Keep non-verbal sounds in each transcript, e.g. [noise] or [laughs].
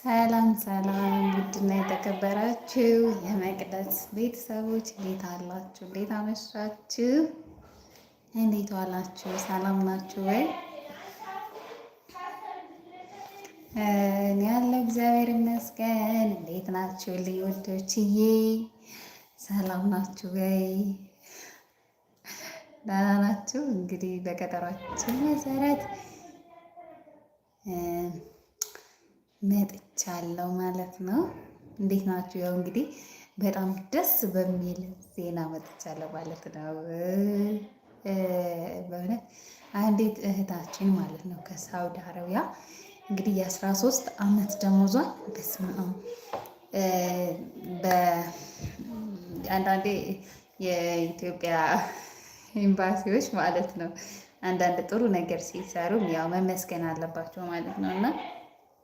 ሰላም ሰላም፣ ውድና የተከበራችሁ የመቅደስ ቤተሰቦች እንዴት አላችሁ? እንዴት አመሻችሁ? እንዴት ዋላችሁ? ሰላም ናችሁ ወይ? እኔ ያለው እግዚአብሔር ይመስገን። እንዴት ናችሁ? ልወዶችዬ ሰላም ናችሁ ወይ? ደህና ናችሁ? እንግዲህ በቀጠሯችን መሰረት መጥቻለሁ ማለት ነው። እንዴት ናችሁ? ያው እንግዲህ በጣም ደስ በሚል ዜና መጥቻለሁ ማለት ነው። በእውነት አንዲት እህታችን ማለት ነው ከሳውዲ አረቢያ እንግዲህ የአስራ ሶስት አመት ደሞዟን በስመ አብ አንዳንዴ የኢትዮጵያ ኤምባሲዎች ማለት ነው አንዳንድ ጥሩ ነገር ሲሰሩም ያው መመስገን አለባቸው ማለት ነው እና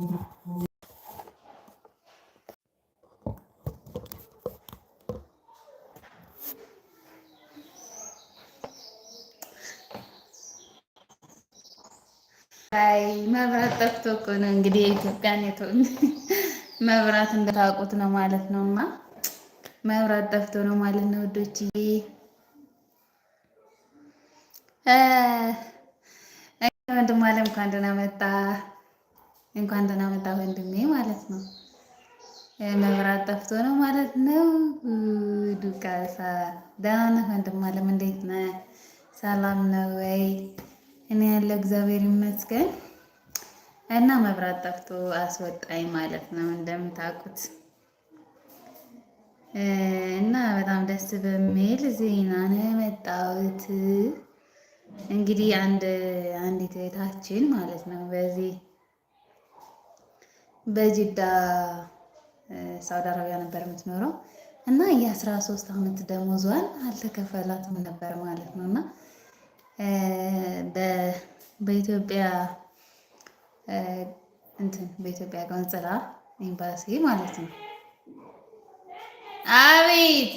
አይ መብራት ጠፍቶ እኮ ነው እንግዲህ የኢትዮጵያ [laughs] መብራት እንደታቁት ነው ማለት ነው። እና መብራት ጠፍቶ ነው ማለት ነው ውዶችዬ። ወንድም አለም እንኳን ደህና መጣ። እንኳን ደህና መጣ ወንድሜ ማለት ነው። መብራት ጠፍቶ ነው ማለት ነው። ዱቃሳ ደህና ነህ ወንድም አለም እንዴት ነህ? ሰላም ነው ወይ? እኔ ያለው እግዚአብሔር ይመስገን። እና መብራት ጠፍቶ አስወጣኝ ማለት ነው እንደምታውቁት እና በጣም ደስ በሚል ዜና ነው የመጣሁት። እንግዲህ አንድ አንዲት እህታችን ማለት ነው በዚህ በጅዳ ሳውዲ አረቢያ ነበር የምትኖረው እና የ ሶስት አመት ደሞዟን አልተከፈላትም ነበር ማለት ነው እና በኢትዮጵያ እንትን በኢትዮጵያ ቆንጽላ ኤምባሲ ማለት ነው። አቤት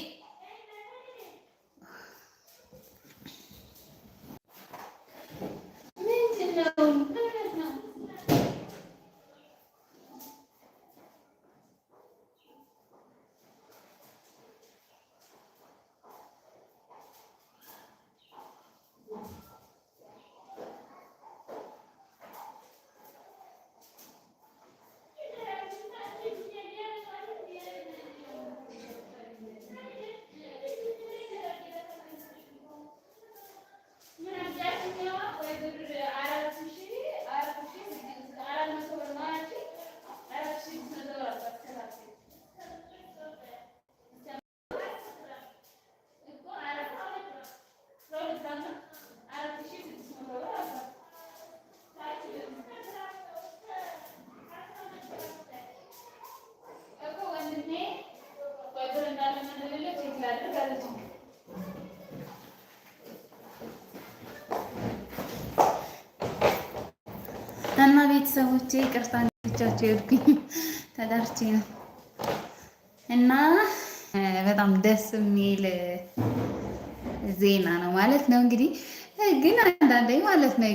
እና ቤተሰቦቼ ይቅርታ እንድቻቸው የሄድኩኝ ተዳርቼ ነው እና በጣም ደስ የሚል ዜና ነው ማለት ነው። እንግዲህ ግን አንዳንዴ ማለት ነው